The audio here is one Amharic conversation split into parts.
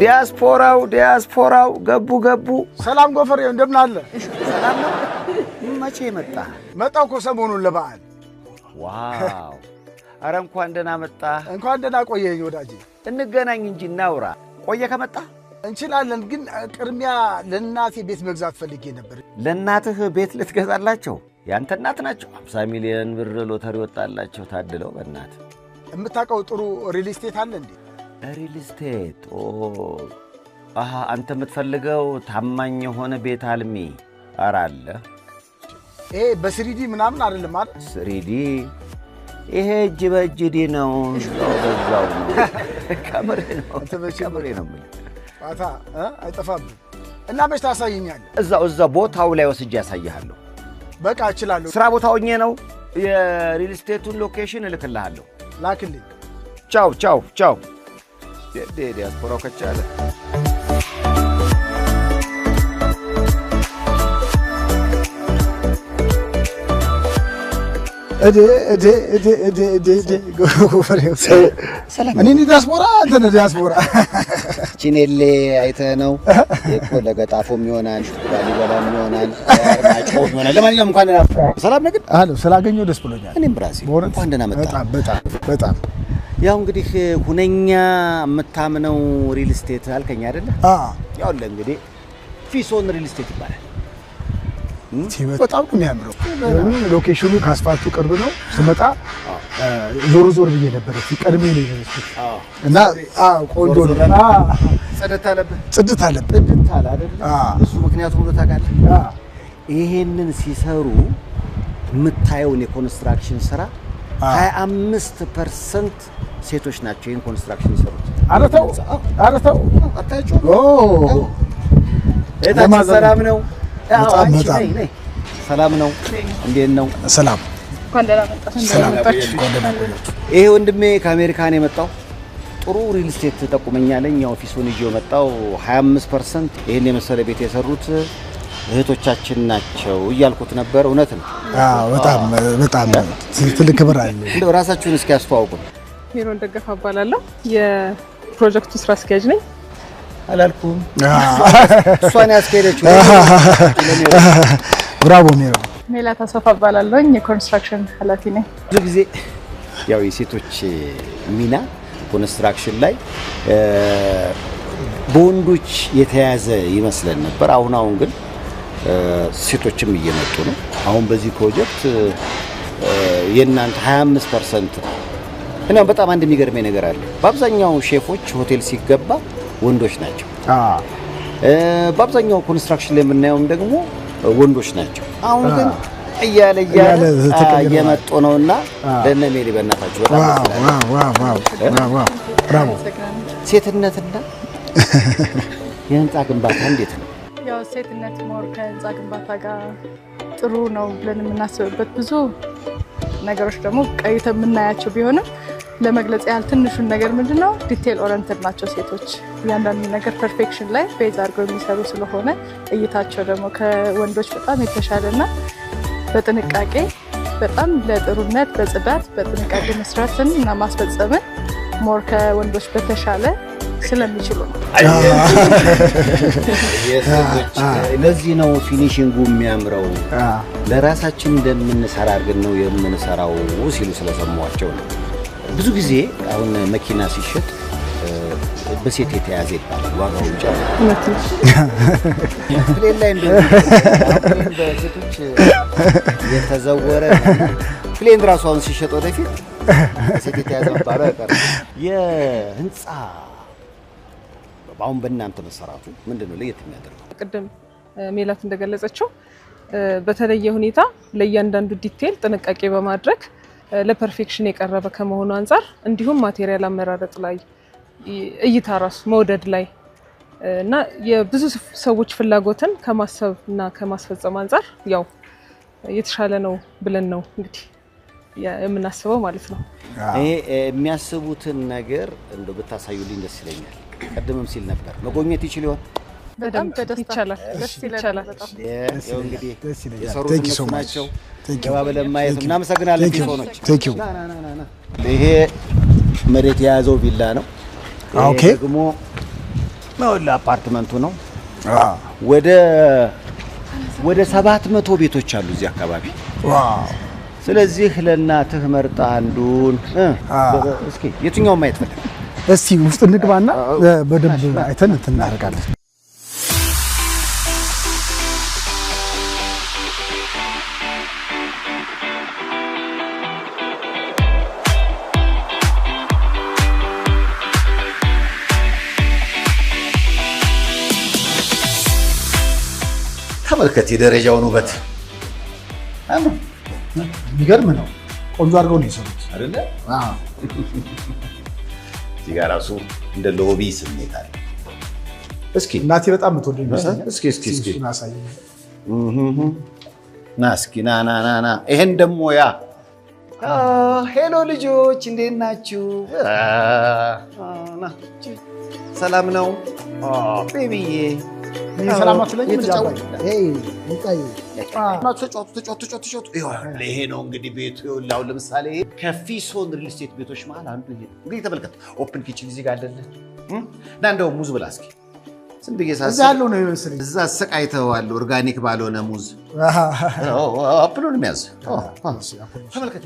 ዲያስፖራው ዲያስፖራው ገቡ ገቡ። ሰላም ጎፈሬ እንደምን አለ? ሰላም ነው። መቼ መጣ? መጣው እኮ ሰሞኑን ለበዓል። ዋው! አረ እንኳን ደህና መጣ። እንኳን ደህና ቆየኝ ወዳጅ። እንገናኝ እንጂ እናውራ። ቆየ ከመጣ እንችላለን፣ ግን ቅድሚያ ለእናቴ ቤት መግዛት ፈልጌ ነበር። ለእናትህ ቤት ልትገዛላቸው? ያንተ እናት ናቸው። 50 ሚሊዮን ብር ሎተሪ ወጣላቸው። ታድለው በእናትህ የምታውቀው ጥሩ ሪል ስቴት አለ እንዴ? ሪል ስቴት አንተ የምትፈልገው ታማኝ የሆነ ቤት አልሚ ኧረ አለ። ይሄ በስሪዲ ምናምን አይደለም አይደል? ስሪዲ ይሄ እጅ በእጅ ዲ ነው። በዛው ነው ከምሬ ነው ከምሬ ነው። ጨዋታ አይጠፋብም። እና መች ታሳይኛል? እዛው እዛው ቦታው ላይ ወስጄ ያሳይሃለሁ። በቃ እችላለሁ። ስራ ቦታ ሆኜ ነው የሪል ስቴቱን ሎኬሽን እልክልሃለሁ። ላክልኝ። ቻው ቻው ቻው። yadda ya diaspora kacala. ዲያስፖራ እንትን ዲያስፖራ ቺኔሌ አይተ ነው ለገጣፎም ይሆናል ላሊበላም ይሆናል ማጫወት ይሆናል። ለማንኛውም እንኳን ሰላም ነግድ አለ ደስ ብሎኛል። እኔም እንኳን ደህና መጣ። በጣም በጣም ያው እንግዲህ ሁነኛ የምታምነው ሪል ስቴት አልከኝ አይደለ? ያው እንግዲህ ፊሶን ሪል ስቴት ይባላል በጣም ነው የሚያምረው። ሎኬሽኑ ከአስፋልቱ ቅርብ ነው። ስመጣ ዞር ዞር ብዬ ነበረ ቀድሜ ነው የደረስኩት እና ቆንጆ ነው። ጽድት አለብህ፣ ጽድት አለብህ፣ ጽድት አለ አይደል? እሱ ምክንያቱ ሁሉ ታውቃለህ። ይሄንን ሲሰሩ የምታየውን የኮንስትራክሽን ስራ 25 ፐርሰንት ሴቶች ናቸው። ይህን ኮንስትራክሽን ይሰሩት። አረተው አረተው አታያቸውም። ቤታችን ሰላም ነው። በጣም በጣም ሰላም ነው። እንዴት ነው? ሰላም ይሄ ወንድሜ ከአሜሪካን የመጣው ጥሩ ሪል ስቴት ጠቁመኛለኝ። ኦፊሱን ይዤ መጣው 25 ፐርሰንት ይህን የመሰለ ቤት የሰሩት እህቶቻችን ናቸው እያልኩት ነበር። እውነት ነው። በጣም በጣም ትልቅ ክብር አለ። እንደው ራሳችሁን እስኪ ያስተዋውቁ። ሄሮን ደገፋ እባላለሁ። የፕሮጀክቱ ስራ አስኪያጅ ነኝ። አላልኩም። እሷን ያስኬደችው ብራቦ ሜሮ። ሜላ ታሰፋ የኮንስትራክሽን ኃላፊ ነኝ። ብዙ ጊዜ ያው የሴቶች ሚና ኮንስትራክሽን ላይ በወንዶች የተያዘ ይመስለን ነበር። አሁን አሁን ግን ሴቶችም እየመጡ ነው። አሁን በዚህ ፕሮጀክት የእናንተ 25 ፐርሰንት። እኔ በጣም አንድ የሚገርመኝ ነገር አለ። በአብዛኛው ሼፎች ሆቴል ሲገባ ወንዶች ናቸው። በአብዛኛው ኮንስትራክሽን ላይ የምናየውም ደግሞ ወንዶች ናቸው። አሁን ግን እያለ እያለ እየመጡ ነውና ለነ ሜሪ በእናታችሁ በጣም ሴትነትና የህንፃ ግንባታ እንዴት ነው? ያው ሴትነት ሞር ከህንፃ ግንባታ ጋር ጥሩ ነው ብለን የምናስብበት ብዙ ነገሮች ደግሞ ቀይተን የምናያቸው ቢሆንም ለመግለጽ ያህል ትንሹን ነገር ምንድን ነው ዲቴል ኦረንትድ ናቸው ሴቶች። እያንዳንዱ ነገር ፐርፌክሽን ላይ ቤዝ አድርገው የሚሰሩ ስለሆነ እይታቸው ደግሞ ከወንዶች በጣም የተሻለ ና በጥንቃቄ በጣም ለጥሩነት በጽዳት በጥንቃቄ መስራትን እና ማስፈጸምን ሞር ከወንዶች በተሻለ ስለሚችሉ ነው። ለዚህ ነው ፊኒሽንጉ የሚያምረው ለራሳችን እንደምንሰራ አድርገን ነው የምንሰራው ሲሉ ስለሰሟቸው ነው። ብዙ ጊዜ አሁን መኪና ሲሸጥ በሴት የተያዘ ይባላል። ዋጋው ውጫ ፕሌን ላይ በሴቶች የተዘወረ ፕሌን ራሱ አሁን ሲሸጥ ወደፊት በሴት የተያዘ ባለ የህንፃ አሁን በእናንተ መሰራቱ ምንድን ነው ለየት የሚያደርገው? ቅድም ሜላት እንደገለጸችው በተለየ ሁኔታ ለእያንዳንዱ ዲቴል ጥንቃቄ በማድረግ ለፐርፌክሽን የቀረበ ከመሆኑ አንጻር እንዲሁም ማቴሪያል አመራረጥ ላይ እይታ ራሱ መውደድ ላይ እና የብዙ ሰዎች ፍላጎትን ከማሰብ እና ከማስፈጸም አንጻር ያው የተሻለ ነው ብለን ነው እንግዲህ የምናስበው ማለት ነው። ይሄ የሚያስቡትን ነገር እንደው ብታሳዩልኝ ደስ ይለኛል። ቀድምም ሲል ነበር መጎብኘት ይችል ይሆን? ይሄ መሬት የያዘው ቪላ ነው። ah, ይሄ ደግሞ አፓርትመንቱ ነው። ah. ወደ ወደ ሰባት መቶ ቤቶች አሉ እዚህ አካባቢ። ስለዚህ ለእናትህ መርጣ አንዱን ah. እስኪ የትኛውን ማየት ፈለግ እስቲ ውስጥ እንግባና በደንብ አይተን እናደርጋለን። ተመልከት የደረጃውን ውበት። የሚገርም ነው። ቆንጆ አድርገው ነው የሰሩት አይደለ? እዚህ ጋር ራሱ እንደ ሎቢ ስሜት አለ። እስኪ እናቴ በጣም ምትወደ ና እስኪ ና ና ና ና ይሄን ደግሞ ያ ሄሎ ልጆች እንዴት ናችሁ? ሰላም ነው ቤቢዬ ይሄ ነው እንግዲህ ቤቱ። ይኸውልህ ለምሳሌ ከፊሶን ሪል ስቴት ቤቶች መሀል አንዱ ይሄ ነው። እንግዲህ ተመልከት፣ ኦፕን ኪችን እዚህ ጋር አለለች እና እንደውም ሙዝ ብላ እስኪ ዝም ብዬ ሳስብ እዛ አሰቃይተዋል። ኦርጋኒክ ባልሆነ ሙዝ አፕሉን የሚያዝ ተመልከት።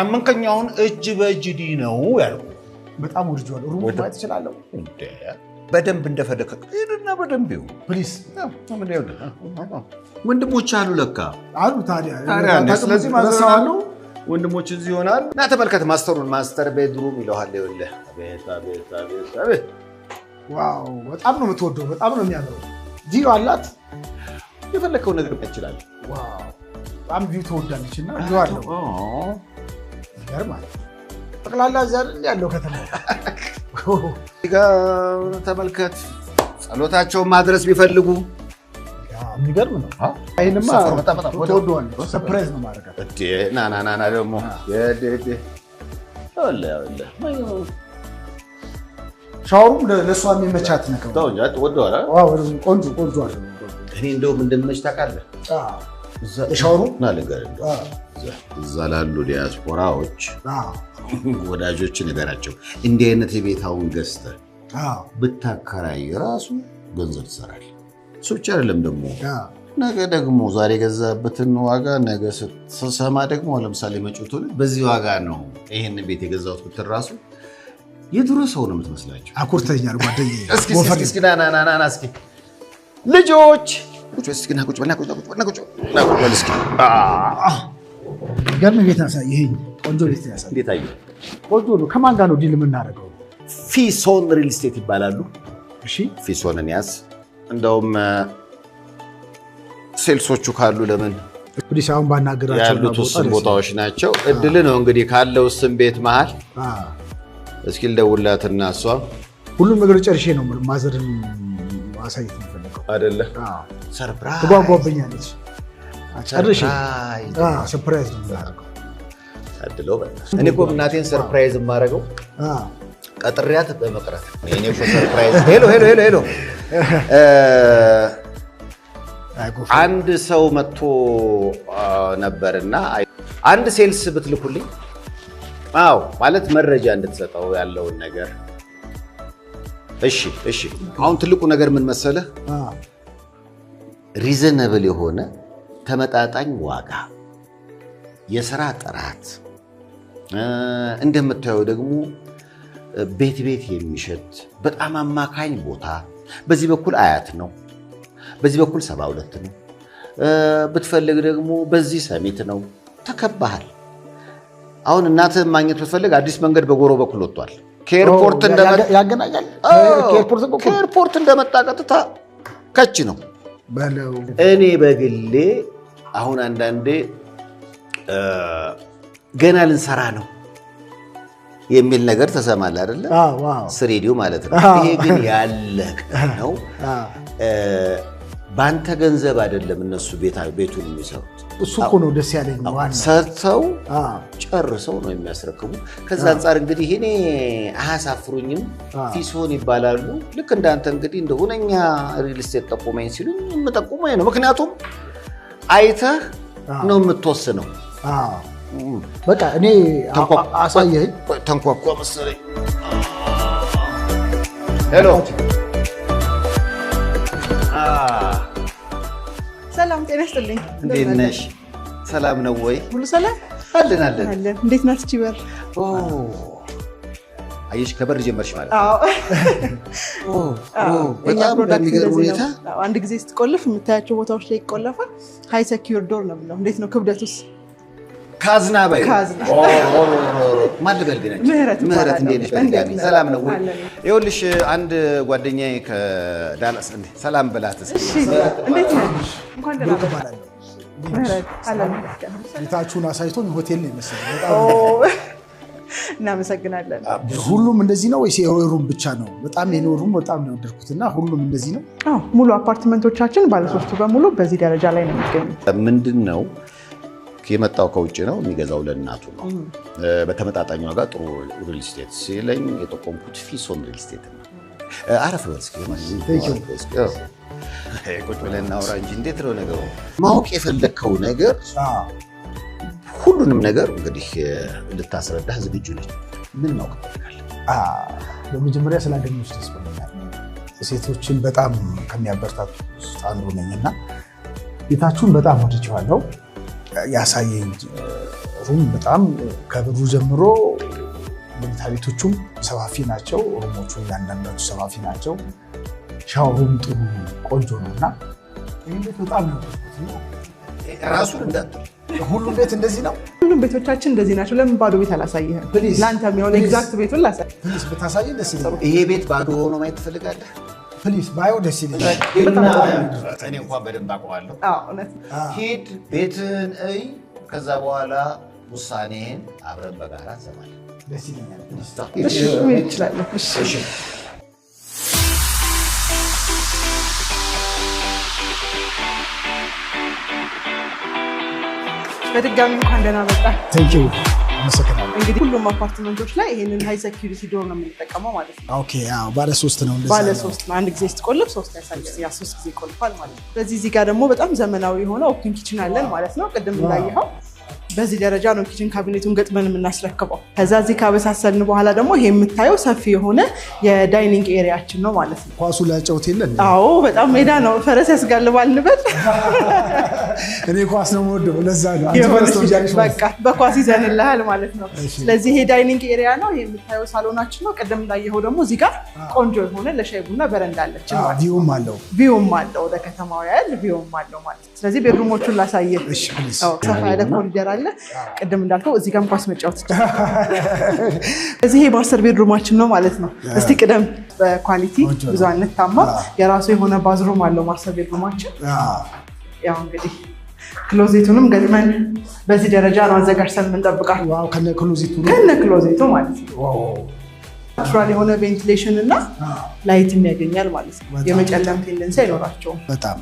አመንከኛውን እጅ በእጅ ዲ ነው ያልኩህ። በጣም ወድጄዋለሁ። ሩሙ ማየት እችላለሁ በደንብ እንደፈለከ ሄድና በደንብ ይሁ ፕሊስ ወንድሞች አሉ ለካ አሉ። ታዲያ ስለዚህ ማዘራሉ ወንድሞች እዚህ ይሆናል። እና ተመልከት ማስተሩን ማስተር ቤድሩም ይለዋል። ይኸውልህ በጣም ነው የምትወደው፣ በጣም ነው የሚያምረው። ቪው አላት፣ የፈለከው ነገር ይችላል። በጣም ቪው ተወዳለች እና ቪው አለው። ማለት ጠቅላላ እዚያ ያለው ከተማ ተመልከት። ጸሎታቸውን ማድረስ ቢፈልጉ የሚገርም ነው። ይህንማ ሰርፕራይዝ ነው ማድረግ። ና ና ና ደግሞ ሻወሩም ለእሷ የሚመቻት ነገር ቆንጆ ቆንጆ። እኔ እንደውም እንደምመች ታውቃለህ። ሻወሩ እዛ ላሉ ዲያስፖራዎች ወዳጆች ነገራቸው እንዲህ አይነት የቤታውን ገዝተህ ብታከራይ ራሱ ገንዘብ ትሰራል። እሱ ብቻ አይደለም ደግሞ ነገ ደግሞ ዛሬ የገዛበትን ዋጋ ነገ ስትሰማ ደግሞ ለምሳሌ መጪው ትውልድ በዚህ ዋጋ ነው ይህን ቤት የገዛሁት ብትል ራሱ የድሮ ሰው ነው የምትመስላቸው። አኩርተኛል ጓደኛዬ። እስኪ ልጆች ቁጭ በል እስኪ ቁጭ በል ቁጭ በል እስኪ የሚገርም ቤት ያሳየ። ይሄ ቆንጆ ቤት ያሳየ። እንዴት አየህ? ቆንጆ ነው። ከማን ጋር ነው ዲል የምናደርገው? ፊሶን ሪል ስቴት ይባላሉ። እሺ፣ ፊሶን ያዝ። እንደውም ሴልሶቹ ካሉ ለምን እንግዲህ አሁን ባናገራቸው ያሉት ውስን ቦታዎች ናቸው። እድል ነው እንግዲህ ካለው ውስን ቤት መሀል እስኪ ልደውልላትና እሷ ሁሉም ነገር ጨርሼ ነው ማዘርን ማሳየት የምፈልገው አደለ ሰርፕራይዝ ትጓጓብኛለች። ጨርሽ ሰርፕራይዝ ነው የምናደርገው። እኔ እኮ እናቴን ሰርፕራይዝ የማደርገው ቀጥሪያት በመቅረት አንድ ሰው መጥቶ ነበርና አንድ ሴልስ ብትልኩልኝ፣ አዎ ማለት መረጃ እንድትሰጠው ያለውን ነገር። እሺ እሺ። አሁን ትልቁ ነገር ምን መሰለህ፣ ሪዘነብል የሆነ ተመጣጣኝ ዋጋ፣ የስራ ጥራት እንደምታየው ደግሞ ቤት ቤት የሚሸት በጣም አማካኝ ቦታ በዚህ በኩል አያት ነው፣ በዚህ በኩል ሰባ ሁለት ነው፣ ብትፈልግ ደግሞ በዚህ ሰሚት ነው። ተከባሃል። አሁን እናትህ ማግኘት ብትፈልግ አዲስ መንገድ በጎሮ በኩል ወጥቷል። ከኤርፖርት ያገናኛል። ከኤርፖርት እንደመጣ ቀጥታ ከች ነው። እኔ በግሌ አሁን አንዳንዴ ገና ልንሰራ ነው የሚል ነገር ተሰማል አይደለ? ስሬዲዮ ማለት ነው። ይሄ ግን ያለቀ ነው። በአንተ ገንዘብ አይደለም እነሱ ቤቱን የሚሰሩት። እሱ እኮ ነው ደስ ያለኝ። ሰርተው ጨርሰው ነው የሚያስረክቡ። ከዛ አንጻር እንግዲህ እኔ አያሳፍሩኝም። ፊስሆን ይባላሉ። ልክ እንዳንተ እንግዲህ እንደሆነኛ ሪልስቴት ሪል ስቴት ጠቁመኝ ሲሉኝ የምጠቁመኝ ነው ምክንያቱም አይተህ ነው የምትወስነው። በቃ እኔ አሳየኝ። ተንኳኳ መሰለኝ። ሄሎ ሰላም፣ ጤና ይስጥልኝ። እንዴት ነሽ? ሰላም ነው ወይ? ሁሉ ሰላም አለን አለን። እንዴት ናት ችበር አየሽ ከበር ጀመርሽ ማለት ሁኔታ አንድ ጊዜ ስትቆልፍ የምታያቸው ቦታዎች ላይ ይቆለፋል። ሀይ ሰኪር ዶር ነው የምለው። እንዴት ነው ክብደት ውስጥ ካዝና በይ ማልበል ምህረት እንዴት ነሽ? በድጋሚ ሰላም ነው። ይኸውልሽ አንድ ጓደኛዬ ከዳላስ ሰላም በላት ቤታችሁን አሳይቶኝ ሆቴል ነው ይመስላል እናመሰግናለን። ሁሉም እንደዚህ ነው ወይስ የሩም ብቻ ነው? በጣም የኖሩም በጣም ነው የወደድኩት እና ሁሉም እንደዚህ ነው። ሙሉ አፓርትመንቶቻችን ባለሶስቱ በሙሉ በዚህ ደረጃ ላይ ነው የሚገኙት። ምንድን ነው የመጣው ከውጭ ነው የሚገዛው ለእናቱ ነው። በተመጣጣኝ ዋጋ ጥሩ ሪል ስቴት ሲለኝ የጠቆምኩት ፊሶን ሪል ስቴት ነው። አረፍ በል እስኪ ቁጭ ብለን እናውራ እንጂ እንዴት ነው ነገሩ? ማወቅ የፈለግከው ነገር ሁሉንም ነገር እንግዲህ እንድታስረዳህ ዝግጁ ነች። ምን ማወቅ ትፈልጋለህ? በመጀመሪያ ስላገኘሁሽ ደስ ብሎኛል። ሴቶችን በጣም ከሚያበረታቱ ውስጥ አንዱ ነኝ እና ቤታችሁን በጣም ወድጄዋለሁ። ያሳየኝ ሩም በጣም ከብሩ ጀምሮ መኝታ ቤቶቹም ሰፋፊ ናቸው። ሩሞቹ ያንዳንዳቸው ሰፋፊ ናቸው። ሻወሩም ጥሩ ቆንጆ ነው እና ይህ ቤት በጣም ነው ራሱን እንዳትል ሁሉም ቤት እንደዚህ ነው። ሁሉም ቤቶቻችን እንደዚህ ናቸው። ለምን ባዶ ቤት አላሳይህም? ለአንተ የሚሆን ኤግዛክት ቤቱን ላሳይ ብታሳይ ደስ ይላል። ይሄ ቤት ባዶ ሆኖ ማየት ትፈልጋለህ? ፕሊስ ባዮ ደስ ይላል። እኔ እንኳን በደንብ አውቀዋለሁ። ሂድ ቤትን እይ። ከዛ በኋላ ውሳኔህን አብረን በጋራ እንሰማለን። ደስ ይለኛል። በድጋሚ እንኳን ደህና መጣ። እንግዲህ ሁሉም አፓርትመንቶች ላይ ይህንን ሀይ ሴኪሪቲ ዶር ነው የምንጠቀመው ማለት ነው። ኦኬ አዎ፣ ባለ ሶስት ነው ባለ ሶስት ነው። አንድ ጊዜ ስትቆልፍ ሶስት ያ ሶስት ጊዜ ይቆልፋል ማለት ነው። በዚህ እዚህ ጋር ደግሞ በጣም ዘመናዊ የሆነ ኦፕን ኪችን አለን ማለት ነው። ቅድም እንዳየኸው በዚህ ደረጃ ነው ኪችን ካቢኔቱን ገጥመን የምናስረክበው። ከዛ እዚህ ካበሳሰልን በኋላ ደግሞ ይሄ የምታየው ሰፊ የሆነ የዳይኒንግ ኤሪያችን ነው ማለት ነው። ኳሱ ላጨውት የለን? አዎ በጣም ሜዳ ነው። ፈረስ ያስጋልባል እንበል። እኔ ኳስ ነው የምወደው፣ ለዛ ነው። በኳስ ይዘንልሃል ማለት ነው። ስለዚህ ይሄ ዳይኒንግ ኤሪያ ነው። ይሄ የምታየው ሳሎናችን ነው። ቅድም እንዳየኸው ደግሞ እዚህ ጋር ቆንጆ የሆነ ለሻይ ቡና በረንዳ አለችን። ቪውም አለው ቪውም አለው ለከተማው ያህል ቪውም አለው ማለት ነው። ስለዚህ ቤድሩሞቹን ላሳየ። ሰፋ ያለ ኮሪደር አለ። ቅድም እንዳልከው እዚህ ጋር ኳስ መጫወት እዚህ ይሄ ቤድሩማችን ነው ማለት ነው። እስቲ ቅደም በኳሊቲ ብዙ አይነት ታማ የራሱ የሆነ ባዝሩም አለው ማስተር ቤድሩማችን። ያው እንግዲህ ክሎዜቱንም ገጥመን በዚህ ደረጃ ነው አዘጋጅተን የምንጠብቃል። ከነ ክሎዜቱ ማለት ነው። ናቹራል የሆነ ቬንቲሌሽን እና ላይትም ያገኛል ማለት ነው። የመጨለም ቴንደንሲ አይኖራቸውም በጣም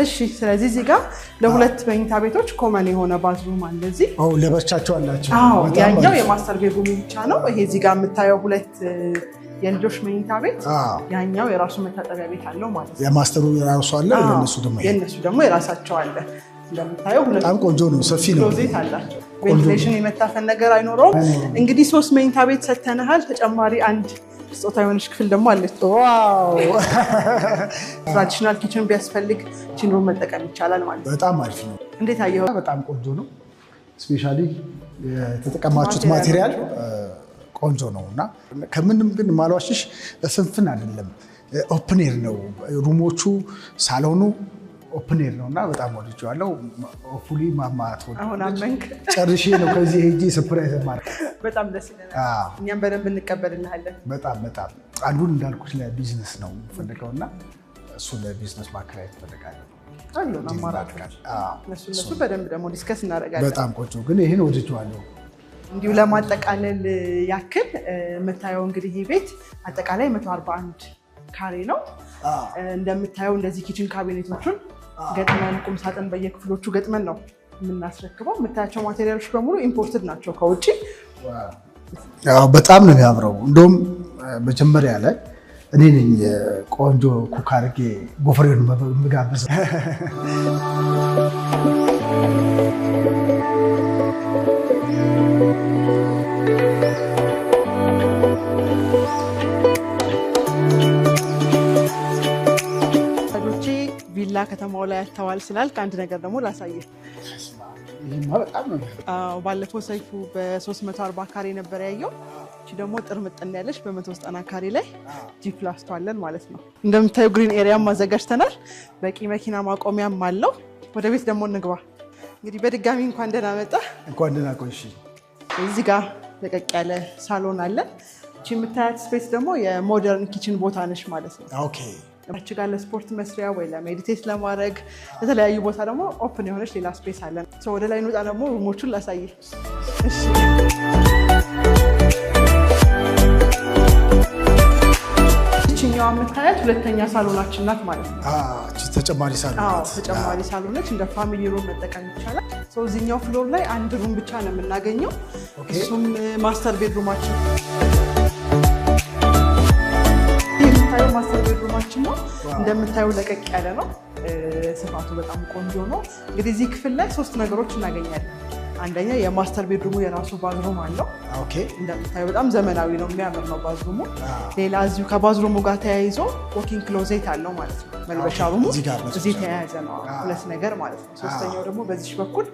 እሺ ስለዚህ እዚህ ጋር ለሁለት መኝታ ቤቶች ኮመን የሆነ ባዝሩም አለ። እዚህ ለብቻቸው አላቸው። ያኛው የማስተር ቤድሩም ብቻ ነው። ይሄ እዚህ ጋር የምታየው ሁለት የልጆች መኝታ ቤት ያኛው የራሱ መታጠቢያ ቤት አለው ማለት ነው። የማስተሩ የራሱ አለ፣ የእነሱ ደግሞ የነሱ ደግሞ የራሳቸው አለ። እንደምታየው በጣም ቆንጆ ነው። ሰፊ ነው። ሎዜት አላቸው። ቬንቲሌሽን የመታፈን ነገር አይኖረውም። እንግዲህ ሶስት መኝታ ቤት ሰተንሃል። ተጨማሪ አንድ ስጦታ የሆነች ክፍል ደግሞ አለች። ትራዲሽናል ኪችን ቢያስፈልግ ቺን ሩም መጠቀም ይቻላል ማለት ነው። በጣም አሪፍ ነው። እንዴት አየኸው? በጣም ቆንጆ ነው። ስፔሻሊ የተጠቀማችሁት ማቴሪያል ቆንጆ ነው እና ከምንም ግን ማሏሽሽ ስንፍን አይደለም። ኦፕኔር ነው ሩሞቹ፣ ሳሎኑ ኦፕኔር ነው እና በጣም ወድጀዋለሁ። ፉሊ ማማት ጨርሼ ነው ከዚህ ሄጄ ስፕራይዝ ማድረግ በጣም ደስ ይለናል። እኛም በደንብ እንቀበልናለን። በጣም በጣም አንዱን እንዳልኩት ለቢዝነስ ነው የምፈልገው እና እሱ ለቢዝነስ ማከራየት እፈልጋለሁ። እሱ በደንብ ደግሞ ዲስከስ እናደርጋለን። በጣም ቆንጆ ግን ይህን ወድጀዋለሁ። እንዲሁ ለማጠቃለል ያክል የምታየው እንግዲህ ይህ ቤት አጠቃላይ 141 ካሬ ነው። እንደምታየው እንደዚህ ኪችን ካቢኔቶቹን ገጥመን ቁም ሳጥን በየክፍሎቹ ገጥመን ነው የምናስረክበው። የምታያቸው ማቴሪያሎች በሙሉ ኢምፖርትድ ናቸው ከውጭ። በጣም ነው የሚያምረው። እንደውም መጀመሪያ ላይ እኔ ነኝ ቆንጆ ኩክ አድርጌ ጎፈሬውን መላ ከተማው ላይ ያተዋል ስላልክ አንድ ነገር ደግሞ ላሳየህ። ባለፈው ሰይፉ በ340 ካሬ ነበር ያየው። እቺ ደግሞ ጥርምጥን ያለች በ190 ካሬ ላይ ጂፕላስቷለን ማለት ነው። እንደምታዩ ግሪን ኤሪያም አዘጋጅተናል። በቂ መኪና ማቆሚያም አለው። ወደ ቤት ደግሞ እንግባ። እንግዲህ በድጋሚ እንኳን ደህና መጣ። እንኳን ደህና ቆይ። እዚህ ጋር ለቀቅ ያለ ሳሎን አለን። እቺ የምታያት ስፔስ ደግሞ የሞደርን ኪችን ቦታ ነች ማለት ነው። ኦኬ እች ጋር ለስፖርት መስሪያ ወይ ለሜዲቴት ለማድረግ የተለያዩ ቦታ ደግሞ ኦፕን የሆነች ሌላ ስፔስ አለን። ወደ ላይ እንውጣ ደግሞ ሩሞቹን ላሳይ። ይችኛዋ የምታያት ሁለተኛ ሳሎናችን ናት ማለት ነው። ተጨማሪ ሳሎን እንደ ፋሚሊ ሩም መጠቀም ይቻላል። እዚህኛው ፍሎር ላይ አንድ ሩም ብቻ ነው የምናገኘው። እሱም ማስተር ቤድሩማችን የምታየው ማስተር ቤድሩማችን ነው። እንደምታየው ለቀቅ ያለ ነው። ስፋቱ በጣም ቆንጆ ነው። እንግዲህ እዚህ ክፍል ላይ ሶስት ነገሮች እናገኛለን። አንደኛ የማስተር ቤድሩሙ የራሱ ባዝሩም አለው። እንደምታየው በጣም ዘመናዊ ነው፣ የሚያምር ነው ባዝሩሙ። ሌላ እዚሁ ከባዝሩሙ ጋር ተያይዞ ወኪንግ ክሎዜት አለው ማለት ነው። መልበሻ ሩሙ እዚህ ተያያዘ ነው፣ ሁለት ነገር ማለት ነው። ሶስተኛው ደግሞ በዚህ በኩል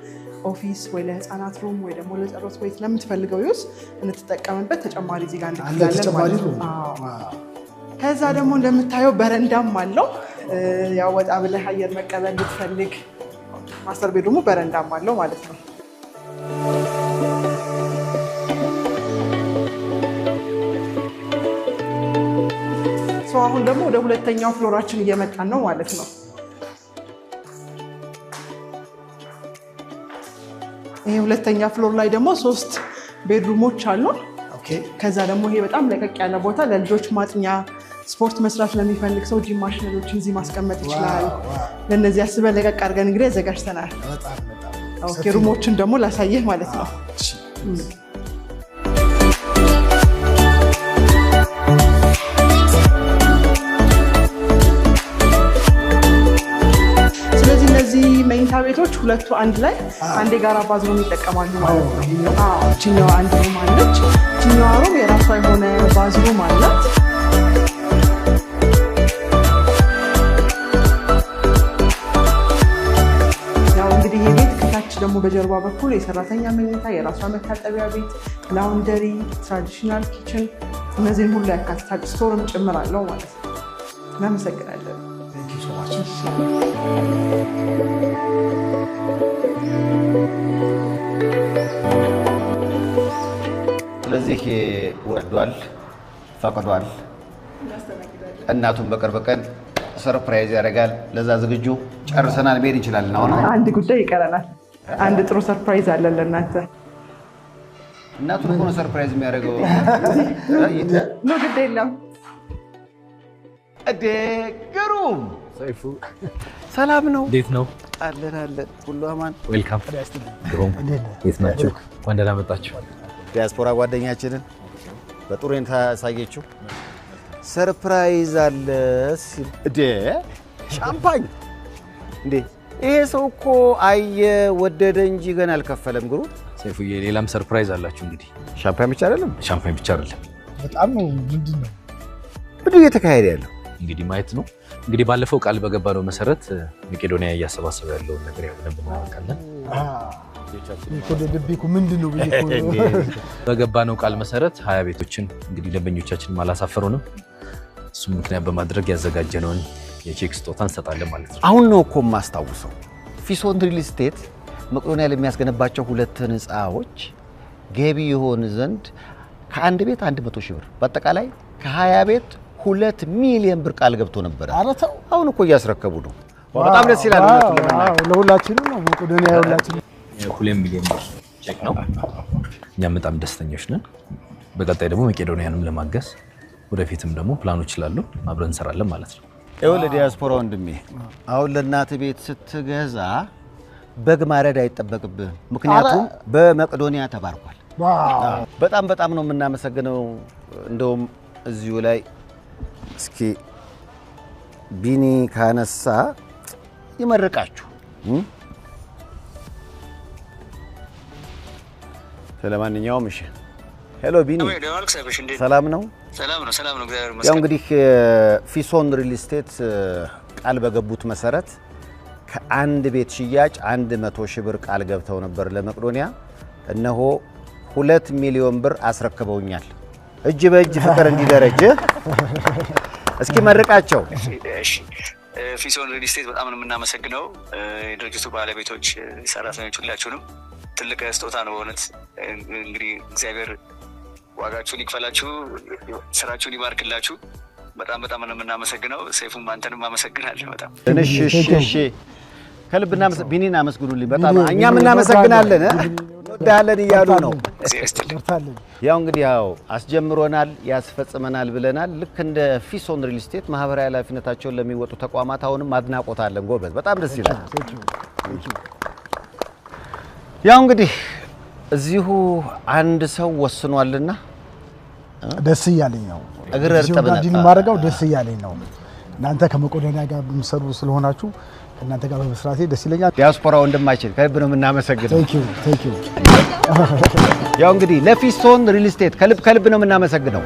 ኦፊስ ወይ ለህፃናት ሩም ወይ ደግሞ ለጸሎት ቤት ለምትፈልገው ዩስ እንትጠቀምበት ተጨማሪ ዜጋ እንድትላለን ማለት ነው። ከዛ ደግሞ እንደምታየው በረንዳም አለው። ያው ወጣ ብለህ አየር መቀበል ብትፈልግ ማስተር ደግሞ በረንዳም አለው ማለት ነው። አሁን ደግሞ ወደ ሁለተኛው ፍሎራችን እየመጣን ነው ማለት ነው። ይሄ ሁለተኛ ፍሎር ላይ ደግሞ ሶስት ቤድሩሞች አሉ። ከዛ ደግሞ ይሄ በጣም ለቀቅ ያለ ቦታ ለልጆች ማጥኛ ስፖርት መስራት ለሚፈልግ ሰው ጂም ማሽነሪዎችን እዚህ ማስቀመጥ ይችላል። ለእነዚህ አስበህ ለቀቅ አድርገን እንግዲህ አዘጋጅተናል። ሩሞችን ደግሞ ላሳየህ ማለት ነው። ስለዚህ እነዚህ መኝታ ቤቶች ሁለቱ አንድ ላይ አንድ የጋራ ባዝሩም ይጠቀማሉ ማለት ነው። ይችኛዋ አንድ ሩም አለች። ይችኛዋ ሩም የራሷ የሆነ ባዝሩም አላት። ደግሞ በጀርባ በኩል የሰራተኛ መኝታ፣ የራሷ መታጠቢያ ቤት፣ ላውንደሪ፣ ትራዲሽናል ኪችን እነዚህን ሁሉ ያካትታል። ስቶርም ጭምር አለው ማለት ነው። እናመሰግናለን። ስለዚህ ወዷል ፈቅዷል። እናቱን በቅርብ ቀን ሰርፕራይዝ ያደርጋል። ለዛ ዝግጁ ጨርሰናል፣ መሄድ እንችላለን። አሁን አንድ ጉዳይ ይቀረናል። አንድ ጥሩ ሰርፕራይዝ አለ ለእናንተ። እናቱ እኮ ነው ሰርፕራይዝ የሚያደርገው። ኖ ግድ የለም እዴ ግሩም ሰይፉ፣ ሰላም ነው? እንዴት ነው? አለን አለን፣ ሁሉ አማን። ዌልካም። ግሩም እንዴት ናችሁ? እንኳን ደህና መጣችሁ። ዲያስፖራ ጓደኛችንን በጥሩ ሁኔታ ያሳየችው ሰርፕራይዝ አለ ሲል ሻምፓኝ እንዴ ይሄ ሰው እኮ አየ ወደደ እንጂ ገና አልከፈለም። ግሩ ሰይፉዬ፣ ሌላም ሰርፕራይዝ አላችሁ እንግዲህ። ሻምፓኝ ብቻ አይደለም፣ ሻምፓኝ ብቻ አይደለም። በጣም ነው። ምንድን ነው ምንድን እየተካሄደ ያለው? እንግዲህ ማየት ነው። እንግዲህ ባለፈው ቃል በገባ ነው መሰረት መቄዶንያ እያሰባሰበ ያለውን ነገር ያው በደንብ እናውቃለን። ነው ቃል መሰረት ሀያ ቤቶችን እንግዲህ ደንበኞቻችን አላሳፈሩንም። እሱም ምክንያት በማድረግ ያዘጋጀነውን የቼክ ስጦታ እንሰጣለን ማለት ነው። አሁን ነው እኮ የማስታውሰው ፊሶን ሪል ስቴት መቄዶንያ ለሚያስገነባቸው ሁለት ህንፃዎች ገቢ የሆን ዘንድ ከአንድ ቤት አንድ መቶ ሺህ ብር በአጠቃላይ ከሀያ ቤት ሁለት ሚሊዮን ብር ቃል ገብቶ ነበረ። አሁን እኮ እያስረከቡ ነው። በጣም ደስ ይላል። ለሁላችንም ነው መቄዶንያ የሁላችንም ሁለት ሚሊዮን ብር ቼክ ነው። እኛም በጣም ደስተኞች ነን። በቀጣይ ደግሞ መቄዶንያንም ለማገዝ ወደፊትም ደግሞ ፕላኖች ስላሉ አብረን እንሰራለን ማለት ነው። ይኸውልህ ለዲያስፖራ ወንድሜ አሁን ለእናት ቤት ስትገዛ በግ ማረድ አይጠበቅብህም። ምክንያቱም በመቅዶኒያ ተባርኳል። በጣም በጣም ነው የምናመሰግነው። እንደውም እዚሁ ላይ እስኪ ቢኒ ካነሳ ይመርቃችሁ ስለማንኛውም እሺ ሄሎ ቢኒ፣ ሰላም ነው? ሰላም ነው፣ ሰላም ነው። ያው እንግዲህ ፊሶን ሪል ስቴት ቃል በገቡት መሰረት ከአንድ ቤት ሽያጭ አንድ መቶ ሺህ ብር ቃል ገብተው ነበር ለመቅዶኒያ። እነሆ ሁለት ሚሊዮን ብር አስረክበውኛል። እጅ በእጅ ፍቅር እንዲደረጅ እስኪ መርቃቸው። ፊሶን ሪል ስቴት በጣም ነው የምናመሰግነው። የድርጅቱ ባለቤቶች፣ ሰራተኞች ሁላችሁንም ትልቅ ስጦታ ነው በእውነት እንግዲህ እግዚአብሔር ዋጋችሁን ይክፈላችሁ፣ ስራችሁን ይባርክላችሁ። በጣም በጣም ነው የምናመሰግነው። ሰይፉም አንተንም አመሰግናለሁ በጣም ከልብ ቢኒ እናመስግኑልኝ። በጣም እኛም እናመሰግናለን እንወዳለን እያሉ ነው። ያው እንግዲህ ያው አስጀምሮናል፣ ያስፈጽመናል ብለናል። ልክ እንደ ፊሶን ሪል ስቴት ማህበራዊ ኃላፊነታቸውን ለሚወጡ ተቋማት አሁንም አድናቆት አለን። ጎበዝ፣ በጣም ደስ ይላል። ያው እንግዲህ እዚሁ አንድ ሰው ወስኗልና ደስ እያለኝ ነው እግርዲን ማድረገው ደስ እያለኝ ነው። እናንተ ከመቄዶንያ ጋር የሚሰሩ ስለሆናችሁ ከእናንተ ጋር በመስራቴ ደስ ይለኛል። ዲያስፖራ ወንድማችን ከልብ ነው የምናመሰግነው። ያው እንግዲህ ለፊስቶን ሪል ስቴት ከልብ ከልብ ነው የምናመሰግነው።